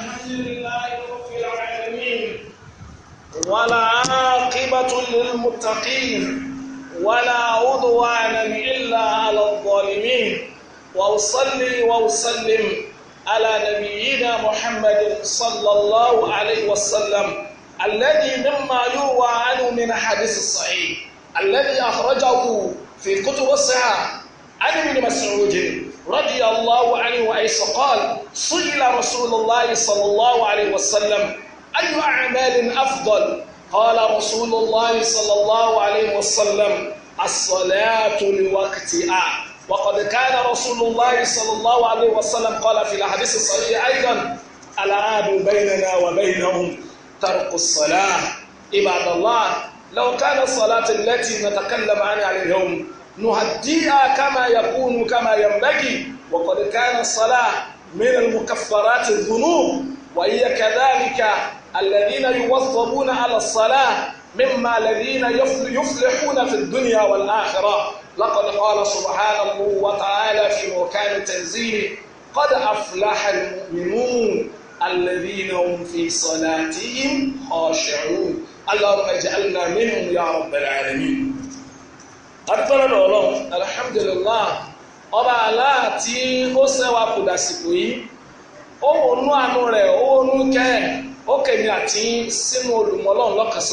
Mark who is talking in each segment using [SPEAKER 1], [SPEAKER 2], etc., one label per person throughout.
[SPEAKER 1] الحمد لله رب العالمين ولا عاقبة للمتقين ولا عدوان إلا على الظالمين وأصلي وأسلم على نبينا محمد صلى الله عليه وسلم الذي مما يروى عنه من حديث الصحيح الذي أخرجه في كتب الصحة عن ابن مسعود رضي الله عنه وأيس قال سئل رسول الله صلى الله عليه وسلم أي أعمال أفضل قال رسول الله صلى الله عليه وسلم الصلاة لوقتها وقد كان رسول الله صلى الله عليه وسلم قال في الحديث الصحيح أيضا العاب بيننا وبينهم ترك الصلاة عباد الله لو كان الصلاة التي نتكلم عنها اليوم نهديها كما يكون كما ينبغي وقد كان الصلاة من المكفرات الذنوب وهي كذلك الذين يوظبون على الصلاة مما الذين يفلحون في الدنيا والآخرة لقد قال سبحانه وتعالى في مكان التنزيل قد أفلح المؤمنون الذين هم في صلاتهم خاشعون اللهم اجعلنا منهم يا رب العالمين adúpẹ́ lọ́dọ̀ ọlọ́run alhamdulillah ọba aláà àti ó sẹ́wà kù yìí ó wònú àánú rẹ̀ ó wònú kẹ́ ẹ̀ ó kẹ̀mí àti sínú olùmọ́lọ́run lọ́kàn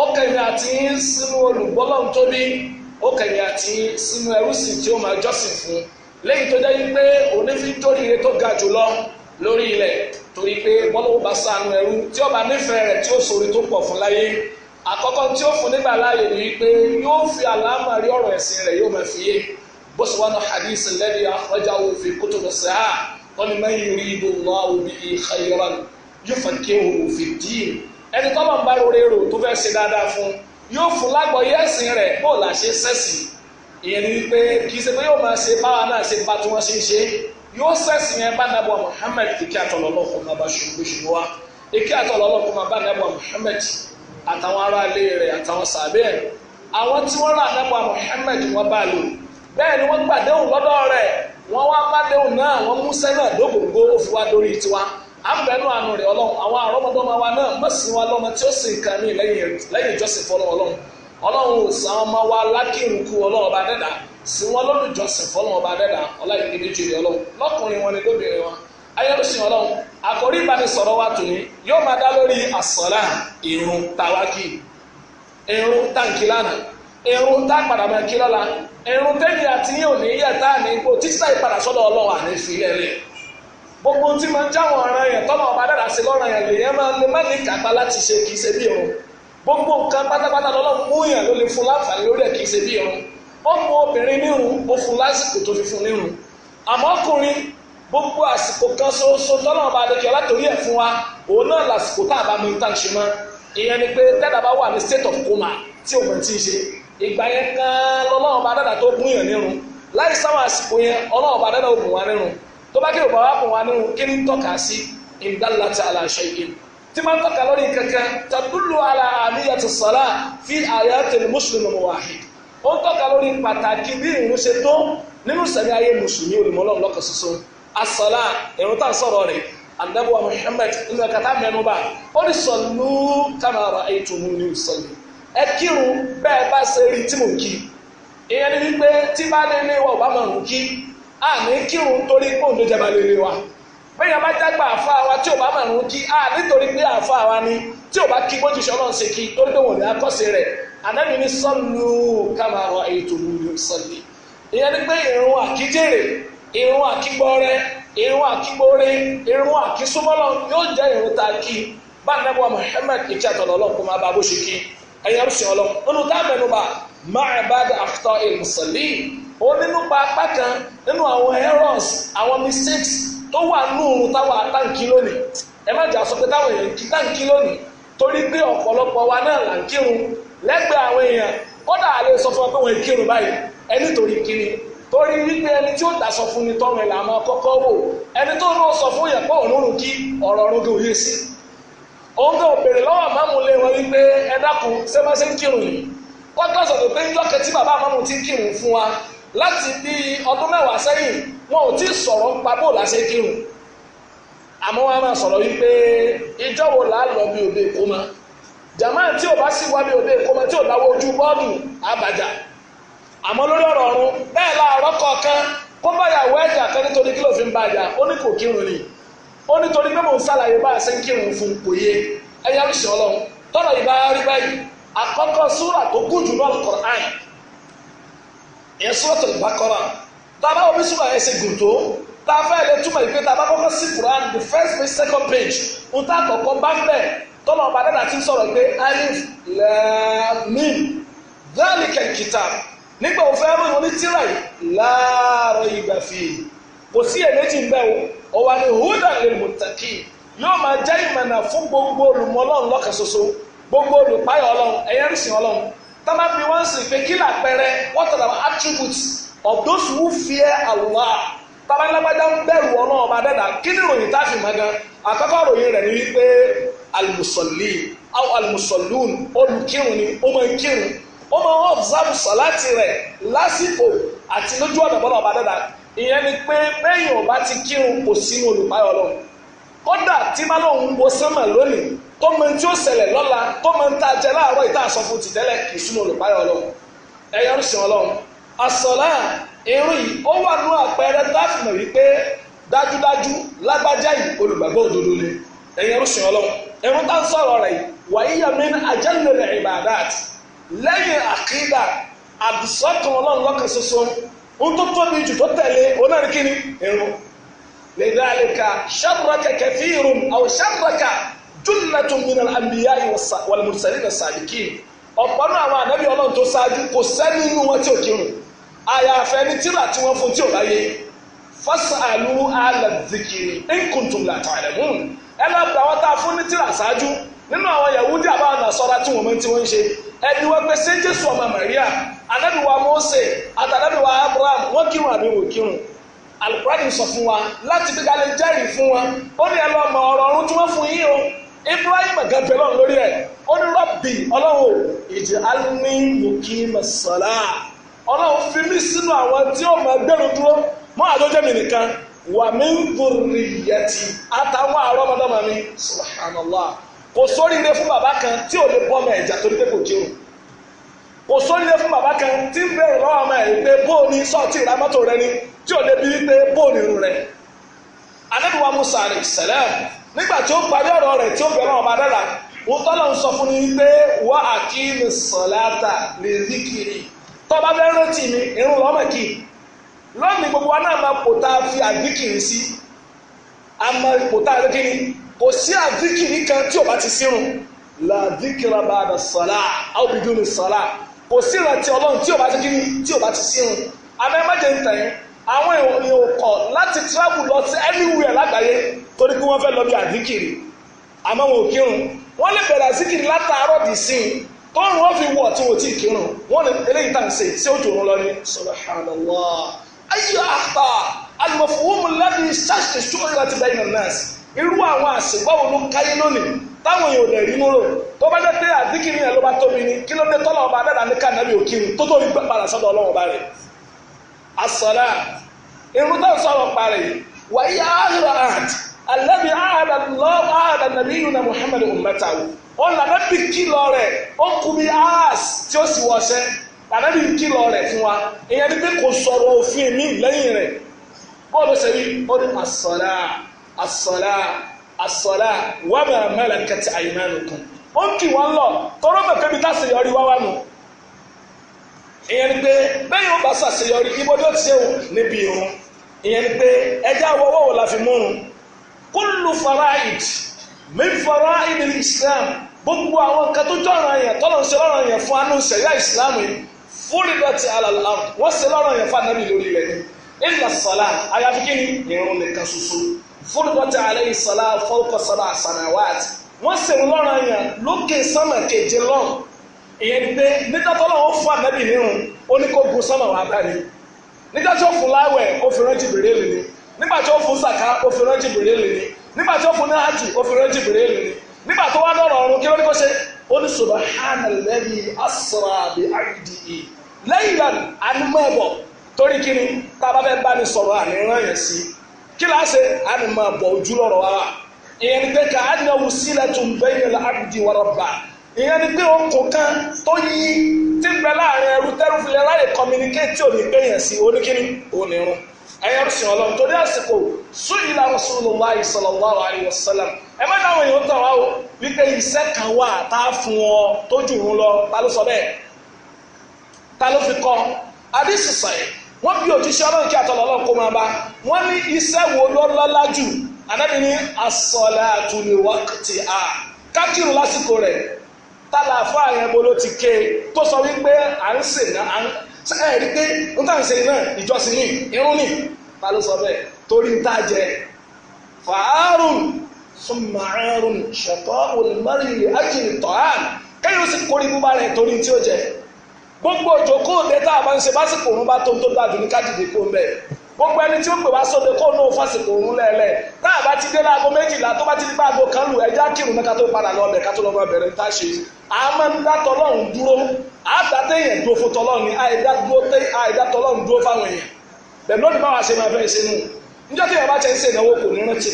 [SPEAKER 1] ó kẹ̀mí àti sínú olùgbọ́lọ́run tóbi ó kẹ̀mí àti sínú ẹrúsìn tí ó máa jọ́sìn fún ga lórí ilẹ̀ torí pé bọ́lọ́wọ́ bá ẹrú tí ọba nífẹ̀ẹ́ rẹ̀ tí ó tó pọ̀ fún láyé àkọ́kọ́ tí ó fún nígbà láàyè ni wípé yóò fi àlámàrí ọ̀rọ̀ ẹ̀sìn rẹ̀ yóò máa fi yé bó ṣe wá ní hadith alladhi akhrajahu fi kutub as-si'ah wọ́n ní man yuridu Allahu bihi khayran yufaqqihu fi ddin ẹni tó máa ń bá lórí èrò tó fẹ́ ṣe dáadáa fún yóò fún lágbọ̀ọ́yé ẹ̀sìn rẹ̀ bó la ṣe sẹ́sìn ìyẹn ni wípé kì í ṣe pé yóò máa ṣe báwa náà ṣe bá tí wọ́n ṣe ń ṣe yóò sẹ́sìn yẹn bá nàbọ̀ Muhammad ìkí àtọ̀lọ́lọ́kùnrin abáṣubúṣu wa ìkí àtọ̀lọ́lọ́kùnrin abá nàbọ̀ Muhammad àtàwọn aráalé rẹ̀ àtàwọn sàbẹ̀ ẹ̀ àwọn tí wọ́n rà nípa Muhammad wọ́n bá lò bẹ́ẹ̀ ni wọ́n gbàdéhùn lọ́dọ̀ rẹ̀ wọ́n wá gbàdéhùn náà wọ́n mú sẹ́nà dógóńgó dórí tiwa àbẹ̀nú àánú rẹ̀ ọlọ́run wa náà mọ̀sí wa lọ́mọ tí ó sì kàn mí lẹ́yìn ìjọsìn fọlọ́ wa ọlọ́run ọba dẹ́dà sí wọn ọba dẹ́dà ọlọ́run wọn ni lóbìnrin wọn ayélujára ọlọ́run àkórí ìbánisọ̀rọ̀ wa tòní yóò máa dá lórí àsọ̀lá irun tawaki irun tàǹkì lánàá irun tá a padà máa kí lọ́la irun tẹ́lẹ̀ àti yín ní yẹ tá a ní kó títà ìpadà sọ́dọ̀ ọlọ́wà ní ìfilẹ̀ rẹ̀ gbogbo tí máa ń jáwọn ọ̀ràn yẹn tọ́nà ọba dára sí lọ́ràn yẹn lèyẹn máa lè má ní kàtà láti ṣe kì í ṣe bí irun gbogbo nǹkan pátápátá lọ́lọ́run mú yàn ló lè fún láǹfààní lórí ẹ̀ kì í ṣe bí irun ó mú obìnrin nírun ó fún lásìkò tó fi fún nírun àmọ́ ọkùnrin gbogbo àsìkò kan ṣoṣo tọ́lọ́mọ bá lè kí ọlá torí ẹ̀ fún wa òun náà làsìkò tá a bá mọ ìtàn ṣe mọ́ ìyẹn ni pé dada bá wà ní state of coma tí òun ti ṣe ìgbà yẹn kan lọ́lọ́mọ bá dada tó gún yàn nírun láì sáwọn àsìkò yẹn ọlọ́mọ bá dada ó gùn wá nírun tó bá kí òun bá wà gùn wá nírun kí ni tọ́ka sí ìdálàtà aláṣẹ yìí tí máa ń tọ́ka lórí kankan tàdúlù ala àmìyàtì sàlá fi asọ́lá ìrun tá à ń sọ̀rọ̀ rẹ̀ anabuwa muhammed a ó ní sọ̀lú kámẹ́rà ètùmù ní ìsọ̀lù ẹ kírun bẹ́ẹ̀ bá ṣe rí tí a ní kírun torí pé òun ló jẹba lé ilé ti bẹ́ẹ̀ bá àfa a nítorí pé àfa wa ni tí ò bá kí bójú ṣe ọlọ́run ṣe kí torí pé ní ní irun àkígbọ́rẹ́ irun àkígbórí irun àkísúmọ́lọ́ yóò jẹ́ irun ta kí bá muhammed Muhammad ìtí kó máa bá bó ṣe kí ẹ̀yìn arúṣin ọlọ́run nínú a mẹ́nu máa bá dé pa apá kan nínú àwọn errors àwọn mistakes tó wà táwọn àtàǹkì lónìí ẹ má jà sọ pé táwọn èèyàn kí táǹkì lónìí torí pé ọ̀pọ̀lọpọ̀ wa náà là ń kírun lẹ́gbẹ̀ẹ́ àwọn èèyàn torí wípé ẹni tí ó dasọ fún ni tọrùn ẹ̀ là máa kọ́kọ́ wò ẹni tó náà sọ fún yẹn pé òun rùn kí ọ̀rọ̀ ọ̀run gòye sí òun kò béèrè lọ́wọ́ àmàmù lé wọn wípé ẹ dákun ṣé máa ṣe ń kírun ni wọ́n gbà sọ̀tọ̀ pé ńjọ́ kẹtí bàbá àmàmù ti kírun fún wa láti bí ọdún mẹ́wàá sẹ́yìn wọn ò tí sọ̀rọ̀ ń pa bó la kírun àmọ́ wọn máa sọ̀rọ̀ wípé ìjọ wo là á lọ bí òde ìkómọ jàmáà tí ò bá sì wá bí òde ìkómọ tí ò dáwọ́ ojú bọ́ọ̀lù àbàjá àmọ́ lórí ọ̀rọ̀ ọ̀run bẹ́ẹ̀ láàárọ̀ kọ̀ọ̀kan kó báyàwó ẹ̀jà kan nítorí kí ló fi ń bá jà ó ní kò kírun ni ó nítorí pé mò ń sàlàyé bá a ṣe ń kírun fún kò yé ẹ̀yà ríṣẹ́ ọlọ́run tọ́rọ̀ yìí rí báyìí àkọ́kọ́ súrà tó gùn jù náà Al-Qur'an ìyẹn Suratul Baqara tàbá omi súrà ẹ̀ gùn tó tá a fẹ́ lè túmọ̀ ìpè tá a bá kọ́kọ́ sí Qur'an the first page second page ń tá àkọ́kọ́ bá ń bẹ̀ tọ́lọ̀ ọba dẹ́nà ti ń kitab nígbà òfẹ́ mọ̀ ní tíra yìí láàárọ̀ ìgbà fi kò sí èméjì ń bẹ̀ o ọ̀wà ni húdà lè mú tàkì yóò máa jẹ́ ìmọ̀nà fún gbogbo olùmọ̀ ọlọ́run gbogbo olùpáyọ̀ ọlọ́run ẹ̀yẹ́ ń ọlọ́run tábà bí wọ́n ń sìn pé kí what are the attributes of those who fear Allah tábà lágbájá ń bẹ̀rù ọlọ́run ọba dẹ́dà kí ni ròyìn tá a fi mọ̀ gan àkọ́kọ́ ròyìn rẹ̀ ni wípé alùsọ̀lì alùsọ̀lùn olùkírun ni ó máa ń kírun ó máa ń ọ̀bùsáàbù sàláàtì rẹ̀ lásìkò àti lójú ọ̀nà bọ́lá ọba dada ìyẹn ni pé bẹ́yìn ọba ti kírun kò sínú olùpáyọ̀ lọ kódà tí má lóun wo sánmà lónìí tó mọ tí ó ṣẹlẹ̀ lọ́la tó mọ tá a jẹ láàárọ̀ ìta àsọ fún ti tẹ́lẹ̀ kì í sínú olùpáyọ̀ lọ ẹ̀yọ́ ń sìn ọlọ́run àsọ̀lá irun yìí ó wà nú àpẹẹrẹ dáfìmọ̀ wípé dájúdájú lágbájá yìí olùgbàgbọ́ òdodo ni ẹ̀yọ́ ń sìn ọlọ́run ẹ̀rún tá ń sọ̀rọ̀ rẹ̀ wàyíyàmín àjẹ́lẹ̀ ìbàdàtì lẹ́yìn àkídà àdùsọ́kàn ọlọ́run lọ́kàn ṣoṣo ń tó tóbi jù tó tẹ̀lé onáàrí kíni irun lidhalika sharraka kathirun aw sharraka jumlatun minal anbiya'i wal-mursalina as-sabiqin ọ̀pọ̀ náà àwọn ànábì ọlọ́run tó ṣáájú kò sẹ́ni inú wọn tí ò kírun àyàfẹ́ ní tíra tí wọ́n fún tí ò láyé fasalu ala dhikri in kuntum ẹ ẹni wa pé ṣé jésù Maria anabiwa Mose àtànabiwa Abraham wọn kírun àbí wọn kírun alukurani sọ fún wa láti fi kalẹ̀ jẹ́rìí fún wa ó ní ọmọ tí wọ́n fún yín o Ibrahim gàbẹ́ lọ́run lórí ẹ̀ ó ní rọ́bì ọlọ́run ìdí fi mí sínú àwọn tí ó máa kò sóríire fún bàbá kan tí ò lè bọ́ ọmọ ẹ̀jà torí pé kò kò sóríire fún bàbá kan tí ń bẹ̀rù lọ́wọ́ ọmọ ẹ̀ pé bóòní sọ́ọ̀tì ìrámọ́tò rẹ ni tí ò lè bí pé bóòní irun rẹ. anábìwá musa nígbà tí ó parí ọ̀rọ̀ rẹ̀ tí ó bẹ̀rẹ̀ ọmọ adára wọn tọ́lọ̀ ń sọ fún ni pé wá àkíyèmí sọ̀láta lè rí kiri tó bá fẹ́ rántí kò sí àdíkìrí kan tí ò bá ti sírun làdíkìrà bá dà sàlá àwòbìdú ni sàlá kò sí ìrántí ọlọ́run tí ò bá ti kí ni tí ò ti sírun àmọ́ ẹ má jẹ́ ntẹ̀ àwọn èèyàn kọ̀ láti travel lọ sí anywhere lágbàáyé torí pé wọ́n fẹ́ lọ bí àdíkìrí àmọ́ wọn ò kírun wọ́n lè bẹ̀rẹ̀ àdíkìrí látàárọ̀ dì sí i tọ́run wọ́n fi wọ̀ tí wọ́n ti kírun wọ́n ní eléyìí tá à ń ṣe sí òjò òun lọ ní subhanallah ayé àtà al-mafhum alladhi ṣàṣìṣ irú àwọn àṣìgbọ́wò ló káyé lónìí táwọn èèyàn ò lè rí múrò tó bá jẹ́ pé àdíkìrì yẹn ló bá tóbi ni kí ló dé tọ́lọ̀ ọba dàda ní kànáàbì òkìrì tó tóbi padà sọ́dọ̀ ọlọ́run ọba rẹ̀ àsọ̀rà irú tó ń sọ̀rọ̀ parẹ̀ wàyí àhìrà àt wò ó mi lẹ́yìn rẹ̀ bọ́ọ̀lù sẹ́yìn ó ní asọ́lá asọ́lá wà bàrà mẹ́lẹ̀ kẹtì àyìnmánu kan ó ń kì wọ́n lọ tọ́rọ mẹ́fẹ́ bí táṣeyọrí wá wá nù ìyẹn ni pé bẹ́ẹ̀ yóò bá ṣàṣeyọrí ibodò tiẹ̀ wò níbi irun ìyẹn ni pé ẹja wọ́wọ́ wò la fi múrun kúlù faraid min faraid islam gbogbo àwọn nǹkan tó jọ̀ràn yẹn tọ́lọ̀ ń ṣe lọ́rọ̀ yẹn fún anú sẹ̀yà ìsìlámù yìí fúnni dọ̀tí alàlá wọ́n ṣe lọ́rọ̀ yẹn fún anábì lórí rẹ̀ ní ìlà sọ̀lá àyàfi ni ìrun nìkan ṣoṣo fúlùbọ́tà alayhi sọlá fọ́ọ̀kọ̀ sọlá àsànàwáàtì wọ́n sì ń lọ́ràn yàn lókè sánmà keje lọ́n ìyẹn pé nígbà tó lọ́wọ́ fún àbẹ́bí nírun ó ní kó bu sánmà wà bá ní nígbà tó fún láwẹ̀ ó fi rántí bèrè lè ní nígbà tó fún sàká ó fi rántí bèrè lè ní nígbà tó fún náhàjì ó fi rántí bèrè lè ní nígbà tó lọ́rọ̀ ọ̀run kí ló ṣe ó ní subahana lẹ́yìn lẹ́yìn kí la ṣe á ní máa bọ̀ ojú lọ́rọ̀ wa ìyẹn ni pé ká á ní ọwọ́ sílẹ̀ tó ń bẹ́ ìyẹn la abdi wa rabba ìyẹn ni pé okùn kan tó yí tí ń bẹ láàrin ẹrú tẹ́rù fi lè ráyè communicate òní pé yẹn sí oníkíní òní rún ẹ̀yẹ́rú sìn ọlọ́run torí àsìkò sún ìlà Rasulullahi sallallahu alaihi wasallam ẹ má dáhùn èèyàn tàn wá o wípé iṣẹ́ kan wà tá a fún ọ tó jù lọ ta ló sọ bẹ́ẹ̀ ta ló fi kọ́ adé sísàn yìí wọ́n bí òjíṣẹ́ ọlọ́run kí àtọ̀lọ́ ọlọ́run kó máa bá wọ́n ní iṣẹ́ wo ló lọ́lá jù ànábi ní as-salatu li waqtiha kákìrù lásìkò rẹ̀ tálà fún àyẹ̀ mo ló ti ké tó sọ wípé à ń sè náà ẹ rí pé n tàn sè náà ìjọsìn ní irun ní ta ló sọ bẹ́ẹ̀ torí ń tà jẹ fàárùn sùnmàárùn ṣẹ̀tọ́ olùmọ́rìnlẹ̀ ájìlì tọ́hán kẹ́yìn ó sì kórìí búba rẹ̀ torí tí ó jẹ gbogbo òjòkó òde tá a bá ń ṣe kò òun bá tó tó dájú ní kájìdé kó ń gbogbo ẹni tí ó pè wá sóde kó ní òun fásìkò òun lẹ́ẹ̀lẹ́ tá a bá ti dé láago méjìlá tó bá ti di báago kan lù ẹja kírun náà ká tó padà lọ bẹ̀ ká tó lọ máa bẹ̀rẹ̀ tá a ṣe a máa ń dá tọlọ́run dúró dúró nù níjọ́ tí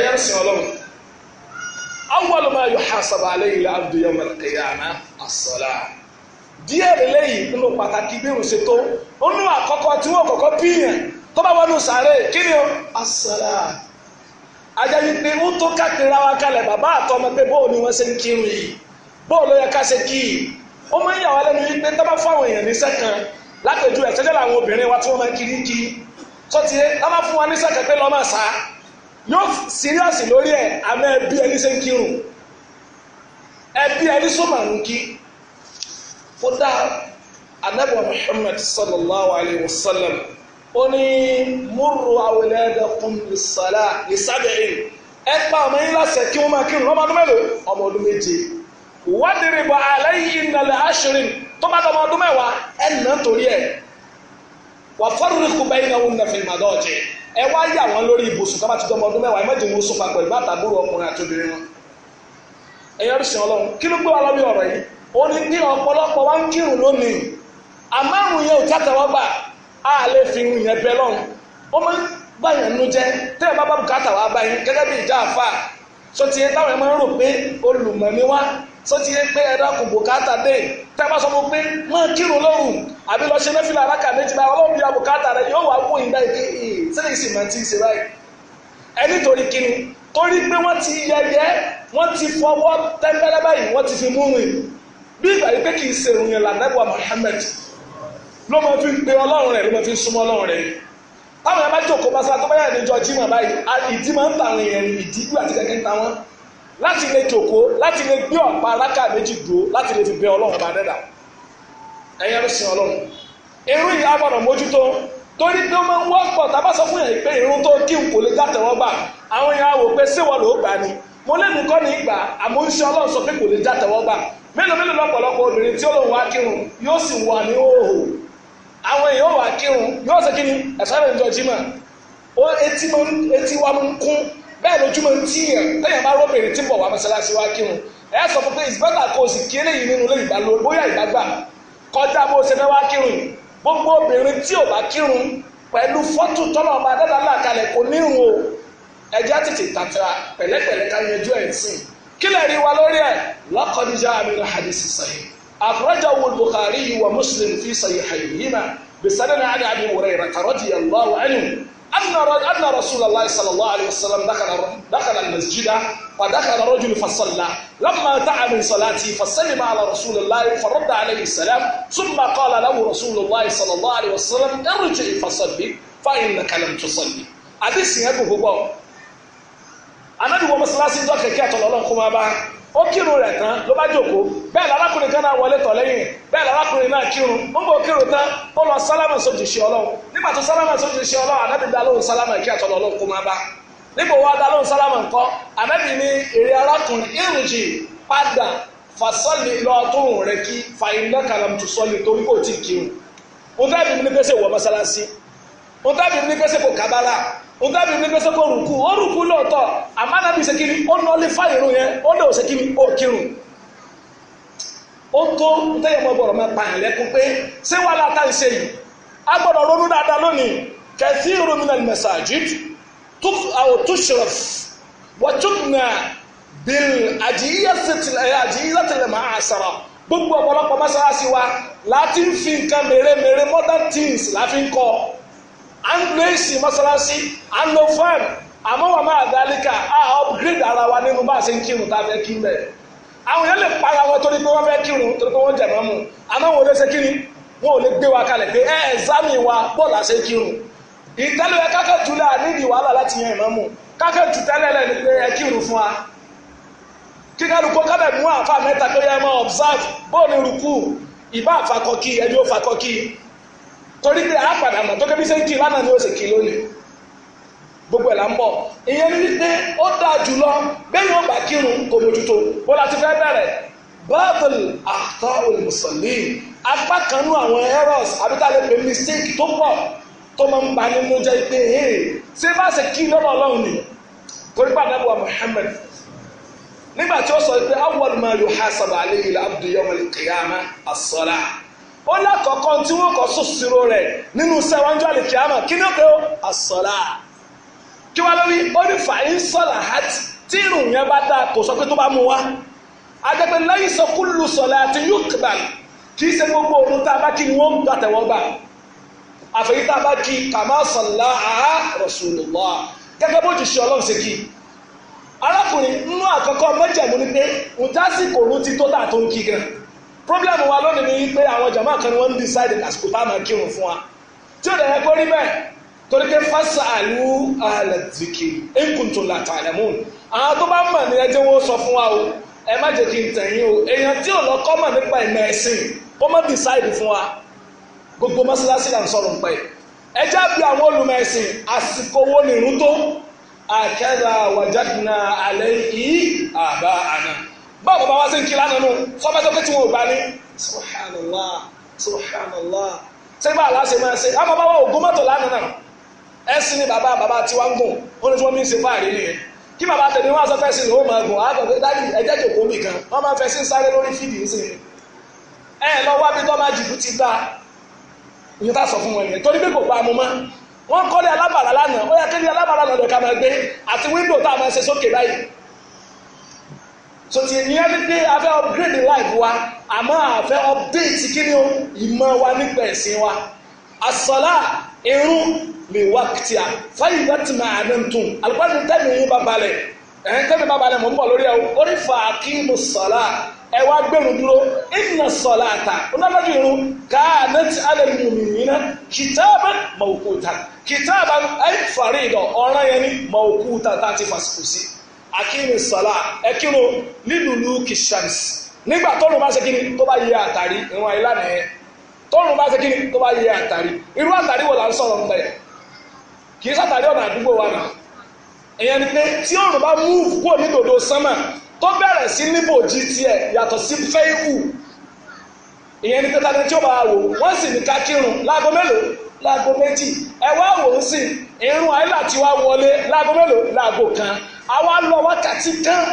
[SPEAKER 1] yàrá ọba awọ́lọ́ máa yọ hasaba aleyhi la alqiyama asọ́lá díẹ̀ lélẹ́yìí nínú pàtàkì bí irun ṣe tó ó nú àkọ́kọ́ tí wọ́n kọ́kọ́ bíyàn tó bá wọnú sàárè kí ni ó asọ́lá ajá pé ó tó wa kalẹ̀ bàbá pé ni ṣe ń kírun yìí ká ṣe kí i ó máa kan làwọn obìnrin wa tí wọ́n kiri kí fún wa yóò serious lórí ẹ̀ àmọ́ ẹbí ẹni ṣe ń kírun ẹbí ẹni sọ́mà ń kí fúdà anabi muhammad sallallahu alayhi wa sallam ó ní múrù awladakum lìsàlá lìsàbẹ̀ẹ́ ẹ pa ọmọ yín láṣẹ kí wọ́n máa kírun ọmọ ọdún mélòó ọmọ ọdún méje wádìrìbọ̀ àlẹ́yìn nàlẹ́ àṣírin tó bá dọ̀mọ́ ọdún mẹ́wàá ẹ̀ nà torí ẹ̀ wà fọ́rùrù kù bẹ́yìn náà wọ́n nà fi màdọ́ọ̀jẹ́ ẹ wá yà lórí ibùsùn tó bá ti dọ́mọ ọdún mẹ́wàá ẹ mẹ́jọ wọn papọ̀ ìgbà ọkùnrin àti obìnrin wọn ẹ̀yọ́ kí ló gbé wa lọ́bí ọ̀rọ̀ yìí ó ní ní ọ̀pọ̀lọpọ̀ wa ń lónìí àmárùn yẹn ò á lè fi yẹn bẹ ó máa ń nu jẹ sọ ti yé pé ẹ̀dá kò bùkátà dé tẹ́ bá sọ fún pé máa kírun lọ́rùn àbí lọ́ọ́ ṣe mẹ́fìlà alákà méjì báyìí ọlọ́run bíi àbùkátà rẹ yóò wá wó ìdá ìdí sílẹ̀ ìsìn máa ti ṣe báyìí. ẹ nítorí kíni torí pé wọ́n ti yẹyẹ wọ́n ti fọwọ́ tẹ́ńbẹ́lẹ́ báyìí wọ́n ti fi mú rìn bí ìgbà yìí pé kì í ṣe òun yẹn lànàbọ̀ Muhammad ló máa fi pe ọlọ́run rẹ̀ ló máa fi súnmọ́ ọlọ́run rẹ̀ táwọn yẹn bá jókòó bá sá tó bá yà ní jọ báyìí ìdí máa ń tàwọn yẹn ìdí ìgbà tí kẹ̀kẹ́ ń ta wọn láti lè jòkó láti lè gbé ọ̀pá alákà méjì dúró láti lè fi bẹ ọlọ́run bá dẹ́dà ẹ̀yẹ́ ló sin ọlọ́run irú yìí á gbọ́dọ̀ mójútó torí pé ó máa ń wọ́pọ̀ tá a bá sọ fún yẹn pé irun tó kí n kò lè dá tẹ̀wọ́ gbà àwọn yẹn á wò pé séwọ́ ló gbà ni mo lẹ́nu kọ́ ní ìgbà àmọ́ ń ṣe ọlọ́run sọ pé kò lè dá tẹ̀wọ́ gbà mélòó mélòó lọ́pọ̀lọpọ̀ obìnrin tí ó lòun wá kírun yóò sì wà ní òòhò àwọn èèyàn wà kírun yóò ṣe kí ni ẹ̀sán rẹ̀ ń jọ jí mà etí wa ń kún bẹ́ẹ̀ lójúmọ́ ń tí yẹn lẹ́yìn máa rọ́bìnrin tí ń bọ̀ wá mọ́sálásí wá kírun ẹ sọ fún pé ìsìbẹ́tà kò sì kí eléyìí nínú lè ìgbà lórí bóyá ìgbàgbà kọjá bó ṣe fẹ́ wá kírun gbogbo obìnrin tí ò bá kírun pẹ̀lú tọ́lọ̀ ọba dáadáa làkàlẹ̀ kò ní ìrùn o ẹja tètè tàtàrà pẹ̀lẹ́pẹ̀lẹ́ ká yanjú ẹ̀ sìn kí lè rí wa lórí ẹ̀ lọ́kọ̀díjà àmìlẹ̀ hadisi Muslim fi أن رسول الله صلى الله عليه وسلم دخل دخل المسجد فدخل رجل فصلى لما دعا من صلاته فسلم على رسول الله فرد عليه السلام ثم قال له رسول الله صلى الله عليه وسلم ارجع فصلي فإنك لم تصلي أديس يبه هو أنا دو مسلاسي دوكا كاتل الله كما ó kírun rẹ̀ tán ló bá jòkó bẹ́ẹ̀ lárákùnrin kan náà wọlé tọ̀ lẹ́yìn bẹ́ẹ̀ lárákùnrin náà kírun ó ń bò kírun tán ó lọ sálámà sójú ọlọ́run nígbà tó sálámà sójú ọlọ́run ànábì dá lóhùn sálámà kí àtọ̀lọ́ ọlọ́run kó má bá níbo wá dá lóhùn sálámà ńkọ́ ànábì ní èrè arákùnrin padà fasọ́lì lọ́tún rẹ̀ kí fàyínlá ọgábì ní pẹ́sẹ́ kó oruku ó rùkú lóòótọ́ àmánábì ṣekiri ó nà lè fáyìrún yẹn ó lè ṣekiri ó kírun ó tó tẹ́yẹ̀ mọ́ gbọ́dọ̀ máa pààyàn lẹ́kún pé ṣé wàá láta ń ṣe yìí a ronú dáadáa lónìí kẹfí romina masajid àwọn tó ṣòrọf wọ́n bil àjíyíyàtìlẹ̀ máa sara gbogbo ọ̀pọ̀lọpọ̀ mọ́sálásí wa láti fi nǹkan mèremère modern things láfi ń àǹgbẹ́sì mọ́sálásí anofan àmọ́wàmá àdálíkà á upgrade ara wa nínú a ṣe ń kírun tá a fẹ́ kí mẹ́ àwọn yẹn lè para wọn torí pé wọ́n fẹ́ kírun torí pé wọ́n jẹ̀ mọ́ mu àmọ́ wọn ò lè ṣe kí wọn ò lè gbé wa kalẹ̀ pé ẹ ẹ̀zámì wa bọ́ọ̀lù àṣẹ kírun ìtẹ́lẹ̀ yẹn kákẹ́ jùlọ àníìdì wàhálà láti mu kákẹ́ jù tẹ́lẹ̀ lẹ̀ ni ẹ kírun fún wa kí kálukú kábẹ̀ mú àfa mẹ́ta pé ẹ máa observe bọ́ọ̀lù ìbá àfakọ́kí torí pé a padà mọ̀ tó kébí sẹ́ńkì lánàá ni ó sì kí gbogbo ẹ̀ mbọ ń bọ̀ ìyẹn ní wípé ó dáa jùlọ bẹ́ẹ̀ ọba kírun kò bó la ti fẹ́ bẹ̀rẹ̀ báàbùl àtọ́ olùsọ̀lì apá kan nú àwọn errors a mistake tó pọ̀ tó máa ń ba nínú jẹ́ pé ṣé ma ó lákọ̀ọ́kọ́ tí wọ́n kọ́ sòsìrò rẹ̀ nínú iṣẹ́ wọn jọ àlèkè àmọ̀ kí ni ó pé àsọ̀lá kí wọ́n lórí ó ní fàáyín sọ̀lá àti tí irun yẹn bá dáa kò sọ pé tó bá mu wá agbègbè lẹ́yìn sọ sọ̀lá àti yúkìbà kì í ṣe gbogbo òun tá a bá kí ni wọ́n gbà tẹ̀wọ́ gbà àfẹ́yí tá a bá kí kàmá sọ̀lá àá Rasulullah gẹ́gẹ́ bó ti ṣe ọlọ́run problem wa lónìí ni pé àwọn jàmá kan ni wọ́n ń decide àsìkò tá a máa kírun fún wa tí ó dẹ̀yẹ kó rí bẹ́ẹ̀ torí pé fásitì àlù àlàzìkì ẹ̀kùntù làtàlẹ́mù àwọn tó bá mọ̀ ní ẹjẹ́ wọn sọ fún wa o ẹ má jẹ́ kí n tẹ̀yìn o èèyàn tí ò lọ kọ́ mọ̀ nípa ìmọ̀ ẹ̀sìn kó má decide fún wa gbogbo mọ́sálásí là ń sọ̀rọ̀ ń pẹ́ ẹjẹ́ bí àwọn olùmọ̀ ẹ̀sìn àsìkò wo nìrú tó àkẹ́rà wàjáde náà àlẹ́ yìí báwo bàbá wa ṣe ń kí lánàá nù sọ́mọ́tò wọn ò bá ní subhanallah subhanallah ṣé aláṣẹ máa ṣe àmọ́ ògùn mọ́tò lánàá ẹ̀sìn ni bàbá bàbá tiwa ń gùn ó ní tí wọ́n fi ń ṣe fáàrí nìyẹn kí bàbá tẹ̀lé wọn aṣọ fẹ́sìn ló máa gùn àgbẹ̀ dájú ẹ̀jẹ̀ jòkó kan wọ́n máa fẹ́ sí sáré lórí fídì ń sìn ẹ̀ lọ bí tọ́ máa ti sọ fún wọn yẹn torí kò pa mọ́ wọ́n alábàrà so ti ìyẹn ni pé a fẹ́ upgrade life wa àmọ́ a fẹ́ update kí ni o ìmọ̀ wa nípa ẹ̀sìn wa asọ́lá irun lè wá kìtìá fáyì láti máa ní tún alùpàdé tẹ́lẹ̀ yín bá balẹ̀ ẹ̀ tẹ́lẹ̀ bá balẹ̀ mọ̀ ń bọ̀ lórí ẹ̀ o ní fàákì mu sọ́lá ẹ wá gbẹ̀rù dúró ìnà sọ̀lá àtà onáfẹ́jú irun káàdé tí a lè mú mi yín náà kìtàbà mọ̀ọ́kúta kìtàbà ẹ̀ fàrí ìdọ̀ ọ̀ràn yẹn ní mọ̀ọ́kúta tá a ti fàṣìkò sí. akínrin sọlá ẹ kírun lílùlù nígbà tọ́lù bá ṣe tó bá yẹ àtàrí ìwọn ìlànà ẹ tọ́lù bá tó bá yẹ wo la ń sọ̀rọ̀ ń sàtàrí ọ̀nà àdúgbò wa nà èèyàn ni pé tí òòrùn bá mú kúrò nídòdó sánmà tó bẹ̀rẹ̀ sí níbòjì tiẹ̀ yàtọ̀ sí fẹ́ ikú ìyẹn ní pẹ́tà tí ó bá wò wọ́n sì ní ká kírun láago kan àwa lọ wákàtí kan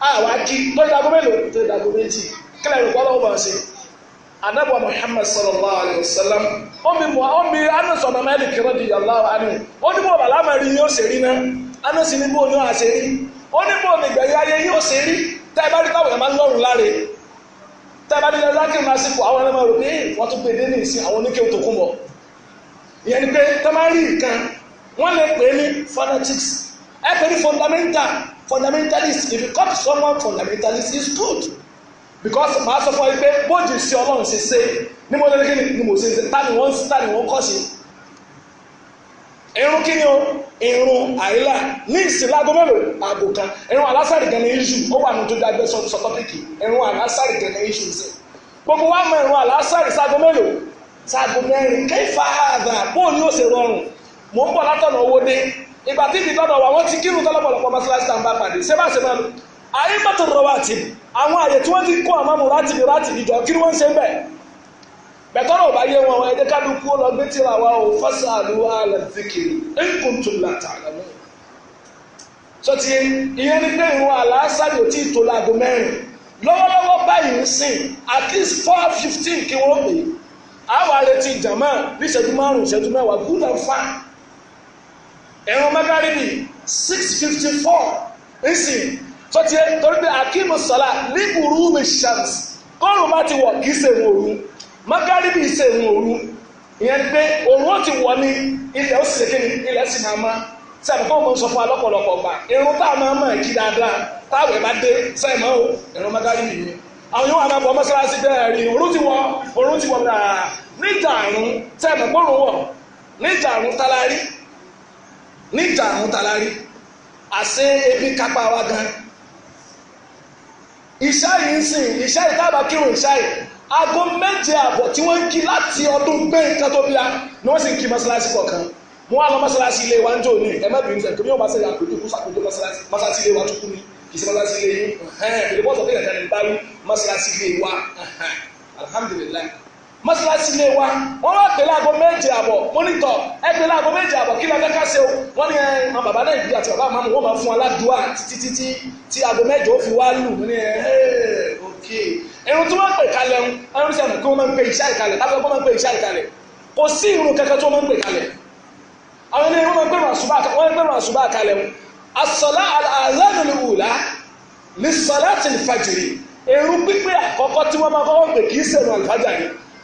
[SPEAKER 1] àwa kí tó dàgbọ́ mélòó tó dàgbọ́ méjì kílẹ̀ rẹ̀ kọ́lọ́ ṣe anabu muhammad sallallahu alayhi wa sallam omi mu omi anas ọ̀nà malik radiyallahu anhu ó ní bó bàlá máa rí yóò ṣe rí náà ní ní ṣe rí ó ní ṣe rí tá ẹ bá rí táwọn máa ń lọ́rùn láre tá ẹ bá rí lákìrì àwọn rò pé wọ́n tún dé ní ìsìn every fundamental fundamentalist if you call someone fundamentalist is good because màá sọ fún ẹ pé bójú sí ọlọ́run ṣe ṣe ní mo lè kíni ni mo ṣe ṣe tá ni wọ́n ń tá kọ́ sí. irun kíni o irun àìlà ní ìsìlágó mélòó ààbò kan irun alásàrì gan ni iṣu ó wà ní ojú dágbé sọ tọ́pìkì irun alásàrì gan ni iṣu ṣe gbogbo wa mọ irun alásàrì ságo mélòó ságo mẹ́rin kéfà àgbà bóun ni ó ṣe rọrùn mò ń bọ̀ látọ̀nà owó dé ìgbà tí ìdí lọ́dọ̀ wa wọ́n ti kírun tọ́lọ́pọ̀lọpọ̀ mọ́sálásí tá à ń bá pàdé ṣé bá ṣe máa lò ayé mọ́tò rọwà tì àwọn àyè tí wọ́n ti kó àmọ́ mùrátì mi ráàtì mi jọ kí ni wọ́n ń ṣe bẹ́ẹ̀ bẹ̀tọ́rọ̀ ò bá yé wọn ẹ̀jẹ̀ kálukú lọ gbé tíra wa ò fásà ló àlẹ́ zikiri ẹ̀kùn tó la tà lọ́wọ́ sọtí ìyẹn ní pé ìwọ àlàásàrì ò tí ì tó laago mẹ́rin lọ́wọ́lọ́wọ́ báyìí ń sìn at least four fifteen kí wọ́n pè é àwọn àrètí jàmáà bí ìṣẹ́jú márùn-ún ìṣẹ́jú mẹ́wàá good and fine ẹ̀rùn ni six fifty four nsì tọ́tí torí pé akíìmù sọ́lá ní burú mi ṣàǹs kọ́ọ̀rùn bá ti wọ̀ kì í ṣe ìwọ̀n òru mẹ́gàrìbì ṣe ìwọ̀n òru ìyẹn pé òun ó ti wọ̀ ní ilẹ̀ ó sì kí ni ilẹ̀ sì máa máa sẹ́mi kọ́ mọ̀ ń sọ fún alọ́pọ̀lọpọ̀ gbà irun tá a máa mọ̀ kí dáadáa táwẹ̀ bá dé sẹ́mi o irun mẹ́gàrí ni. àwọn yóò wà máa bọ̀ mọ́sálásí bẹ́ẹ̀ rí òru ti wọ òru ti wọ náà níjàrún sẹ́mi wọ̀ níjàrún tálárí níjà àwọn talari àṣẹ ebi kápá wa gan iṣẹ́ yìí ń sìn iṣẹ́ yìí tábà kírun iṣẹ́ yìí aago méje àbọ̀ tí wọ́n ń kí láti ọdún gbé nǹkan tó bíya ni wọ́n sì ń kí mọ́ṣáláṣí kọ̀ọ̀kan wọ́n á lọ mọ́ṣáláṣí ilé wa ń jò ní ẹ̀ mẹ́bìrin sẹ̀ kìí wọ́n máa ṣe àpèjú fún sàkójú mọ́ṣáláṣí ilé wa tó kú ni kì í ṣe mọ́ṣáláṣí ilé yín ẹ̀hẹ́n ìdíbọ̀sọ̀ fún ìrẹ̀tẹ̀ ní báwí mọ́ṣáláṣí ilé wa alhamdulilayi mọ́ṣáláṣí lé wa wọ́n wá pè láago méje àbọ̀ mọ́nítọ̀ ẹ pè láago méje àbọ̀ kí lọ́ọ́ kẹ́kẹ́ ṣe o wọ́n ní ẹ ma bàbá nàìjíríà àti bàbá àmàmù wọ́n máa fún aládùúwà títí títí tí aago méje ó fi wá lù ní ẹ ok irun tí wọ́n pè kalẹ̀ ń ẹrú sẹ́nu kí wọ́n máa ń pè iṣẹ́ ìkalẹ̀ tábìlì wọ́n máa ń pè iṣẹ́ ìkalẹ̀ kò sí irun kankan tí wọ́n máa ń pè kalẹ̀ àwọn ilé wọ́n máa ń pè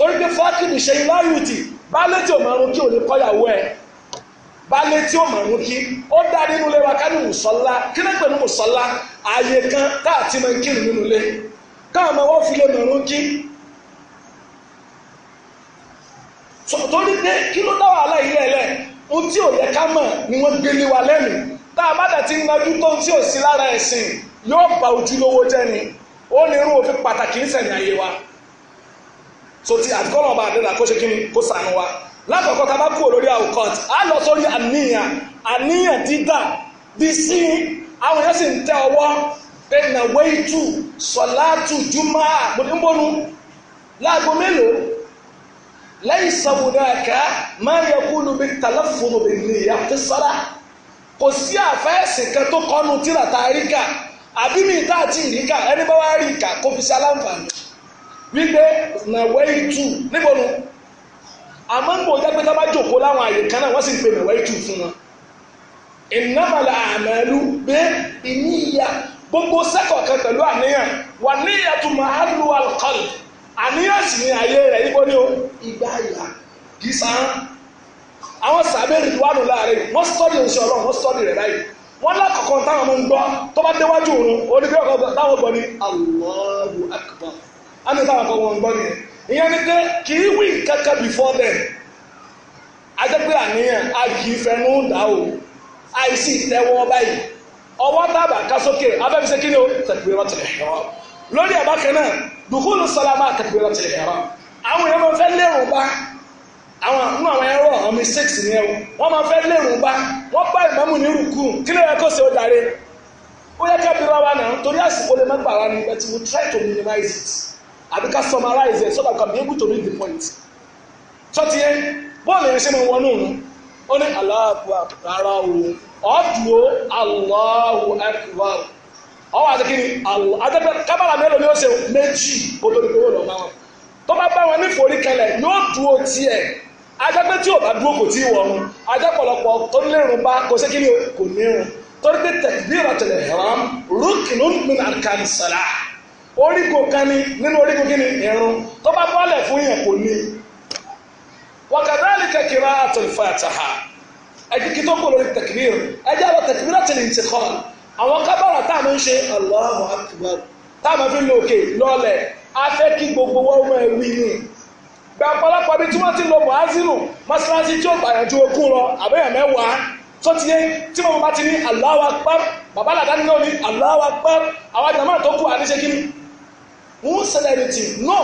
[SPEAKER 1] torí pé fákìlì ṣe iláyùtì baálé tí ò máa rún kí ò lè kọ́yàwó ẹ̀ baálé tí ò máa rún kí ó dá nínú ilé wa ká ní mùsọ́lá kí ní pẹ̀lú mùsọ́lá ààyè kan káàtì máa ń kírun nínú ilé káwọn ọmọ wọn fi lè máa rún kí torí pé kí ló dá wàhálà yìí lẹ́lẹ̀ ohun tí ò yẹ ká mọ̀ ni wọ́n gbélé wa lẹ́nu tá a bá dà ti ń gbajú tó tí ò sí lára ẹ̀sìn yóò bà ojúlówó jẹ́ ni ó ní irú òfin pàtàkì ń sẹ̀yìn àyè wa. so ti àtikọ́ ọba bá àdínlá kó ṣe kí ni kó sànù wa lákọ̀ọ́kọ́ tá bá kú lórí àwòkọ́t á lọ sórí àníyàn àníyàn dídà bí sí àwọn yẹn sì ń tẹ ọwọ́ bẹ́ẹ̀nà wẹ́ẹ̀tù sọ̀láàtù jùmọ̀ àgbọ̀dúnbọ̀nù láago mélòó lẹ́yìn sàwùdà ẹ̀ka máa yẹ kú lóbi tàlẹ́fóònù bẹ̀ níyà fi sọ́ra kò sí àfẹ́sì kan tó kọ́nu tíra tá kà àbí mi ìta àti ìríkà ẹni bá wá rí kó fi ṣe aláǹfààní wípé nàwẹ́ẹ̀tù níbo nu àmọ́ níbo jẹ́ pé tábà jòkó láwọn àyè kan náà wọ́n sì ń pè nàwẹ́ẹ̀tù fún wọn ìnámàlà àmàlú bẹ́ ìníyà gbogbo sẹ́kọ̀ọ́ kan pẹ̀lú àníyàn wà níyàtú màálù alkọ́lù àníyàn sì ní ayé rẹ̀ yípo ní o ìgbà ìyá kì í sàn án àwọn sàbẹ̀rì wà ló láàrin wọ́n sọ́ọ̀dì oṣù ọlọ́run wọ́n sọ́ọ̀dì rẹ̀ báyìí wọ́n lákọ̀ọ́kọ́ táwọn ọmọ ń gbọ́ tó bá déwájú òun onígbẹ́ ọ̀gá táwọn gbọ́ ní Allahu Akbar amẹ́tàwọn kan wọn gbọ́ nìyẹn ìyẹn ni pé kì í wí kẹ́kẹ́ before them ajẹ́pẹ́ àníyàn a kì í fẹnu dà o àìsí ìtẹ́wọ́ báyìí ọwọ́ tábà ká sókè abẹ́fisẹ́ kí ni o tẹ̀kùrẹ́ lọ́tì ẹ̀rọ lórí ẹ̀bá kan náà dùkúlù sálámà tẹ̀kùrẹ́ lọ́tì ẹ̀rọ àwọn èèyàn máa fẹ́ lérò bá àwọn nínú àwọn ẹ̀rọ àwọn mistakes ni ẹ̀ wọ́n máa fẹ́ lérò bá wọ́n bá ìmáàmù ní rúkú kí ló yẹ kó ṣe ó darí ó yẹ kẹ́bí rárá náà torí àsìkò lè má gbàrá ni but we try to minimize it àbí ká summarize it so that we can be able to read the point tó ti yẹ bọ́ọ̀lù yẹn ṣe máa wọnú òun ó ní aláàbò rárá o ọ̀dùn Allahu akbar ọwọ́ àti kíni àtẹ́fẹ́ kábàlà mélòó ni ó ṣe méjì kó tó ní kó wọ́n lọ bá wọn tó bá bá wọn ní forí kẹlẹ̀ yóò dúró tiẹ̀ ajẹ́pẹ́ tí ò bá dúró kò tí ì wọ̀ ọ́n ajẹ́pọ̀lọpọ̀ tó nírun bá kò sí kíni kò nírun torí pé tẹ̀kbíràtul ihram rúkìnnù min arkanis salah orígun kan nínú orígun kí ni tó bá bọ́lẹ̀ fún yẹn kò ní wàkàdáàlì kẹkẹrẹ àtọ̀lùfà àtàhà ẹ̀kíkí tó kúrò lórí tẹkìbíir ẹjẹ́ àwọn tẹkìbíir àti ní ti kọ́ àwọn kábàrà tá a máa ń ṣe Allahu akbar tá a máa fi ń lo òkè lọ́ọ̀lẹ̀ kí gbogbo wọn máa wí ni bí tí wọ́n ti tó ti yé tí mo bá ti ní Allahu Akbar bàbá làdáni náà ní Allahu Akbar àwọn jàmáà tó kù àníṣe kí ni wọ́n sẹlẹ̀rìtì náà